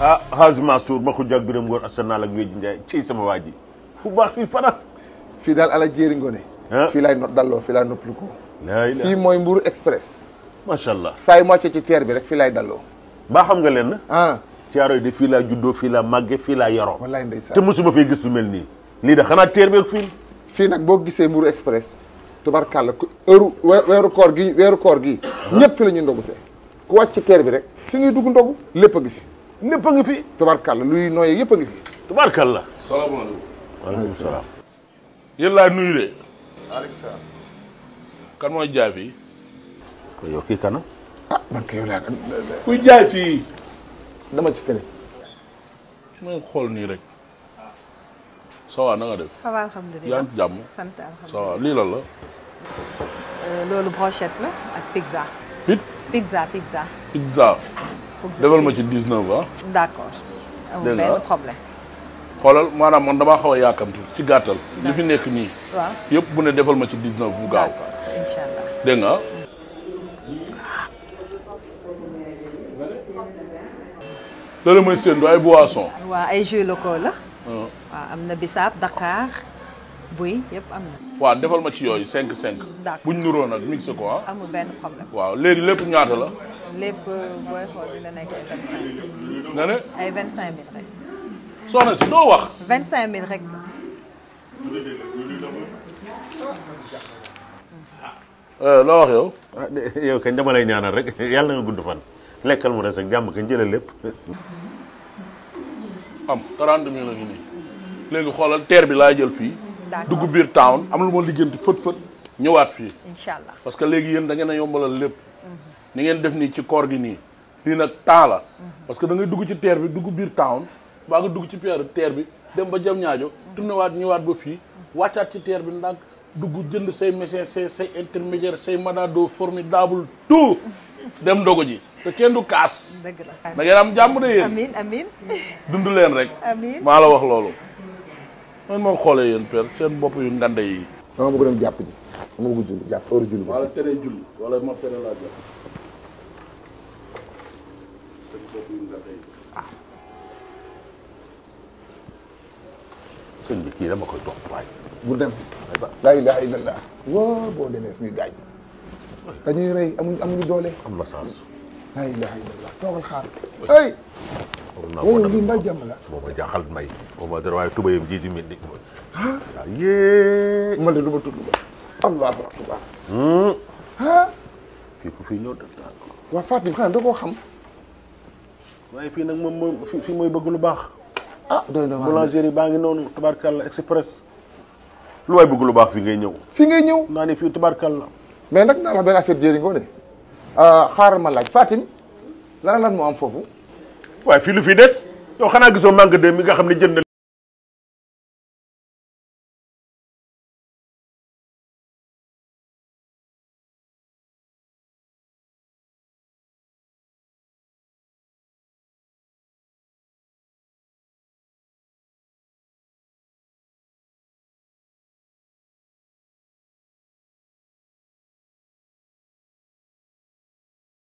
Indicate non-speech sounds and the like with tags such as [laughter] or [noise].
ah Hadj Mansour ma ko jag biram ngoor asanal ak wéeji Ndiaye ci sama waa ji fu baax fii fana fii daal ala jéeri ngone ah. fii lay not dalloo fii laay nopplu ko fii mooy Mbour Express macha allah saa yu wàccee ci teer bi rek fii laay dalloo baa xam nga leen ah Caaroy de fii laa juddoo fii laa màgge fii laa yaroo wallaay ndeysaan te mosuma fee gis lu mel nii lii da xanaa teer beeg fii fii nag boo gisee Mbour Express tubarkàlla heure weeru koor gi weeru koor gi ñëpp fi la ñuy ndogu see ku wàcc teer bi rek fi ngay dugg ndogu lépp a ngi fi lépp a ngi fi. tubaarkàlla luy nooyee yëpp a ngi fi. tubaarkàlla. salaamaaleykum. waaleykum salaam. yéen laa nuyu de. waaleykum salaam. kan mooy jaay fii. yow kii kana. ah jaay fii. dama ci feneen. mooy xool nii rek. ça na nga def. ça va alhamdulilah yaa ngi jàmm. la. Euh, loolu brochette la ak pizza pizza. pizza. defal ma ci 19 ah. d' accord amul benn ah. problème. xoolal maanaam man damaa xaw a yaakamti ci gàttal. li fi nekk nii. waaw yëpp bu ne defal ma ci 19 bu gaaw. d' nga ah. loolu mooy seen du ay boisson. waaw ay jus locaux la. Ah. waaw am na bisaab Dakar. waa yëpp defal ma ci yooyu 5 5. d'accord buñ nuroo nag mixé ko ah. waaw léegi lépp ñaata la. lépp euh, booy xool si doo wax. loo wax euh, ah, yow. kañ dama lay ñaanal rek yàlla nga gudd fan lekkal mu des jàmm kañ jëlal lépp. am léegi xoolal terre bi laa jël fii. dugg biir town am lu ma liggéenti fët fët ñëwaat fii incha allah parce que léegi yéen da ngeen a yombalal lépp mhm. ni ngeen def nii ci koor gi nii lii nag temps la mhm. parce que da ngay dugg ci teer bi dugg biir town baa nga dugg ci pierre teer bi dem ba jam ñaajo mhm. tourné waat ñëwaat ba fii wàccaat ci teer bi ndànk dugg jënd say médecin say say intermédiaire say manado formidable tout [laughs] dem dogo ji te kenn du kaas. dëgg la da am jàmm de yéen. amiin amiin. leen rek. amiin maa la wax loolu. man moo xoolee yéen père seen bopp yu ngande yi. dama bëgg dem jàpp ji dama bëgg julli jàpp heure julli. wala tere julli wala jàpp seen bopp yu ah, bi kii dama koy bu dem. laa ilaha illallah. woo boo demee fu ñuy gaañ. dañuy rey amuñu amuñu doole. am na sens. laa ilaha illallah toogal xaar. ay. moom oh, lii mbay jàmm la moom ma jaaxal mbay moom ma dara waaye tubayam ji di mi di waaw yée ma tudd ba allahu akbar ah fii ku fii xanaa da koo xam waaye fii nag moom mooy fii mooy bëgg lu baax ah doy na baa ngi noonu tubaarkàlla express lu waay bëgg lu baax fi ngay ñëw fii ngay ñëw naa ne fii tubaarkàlla mais nag naa la benn affaire jëriñoo de ah, xaaral ma laaj Fatim lan lan moo am foofu waaye fii lu fi des yow xanaa gisoo manque de mi nga xam ne jënd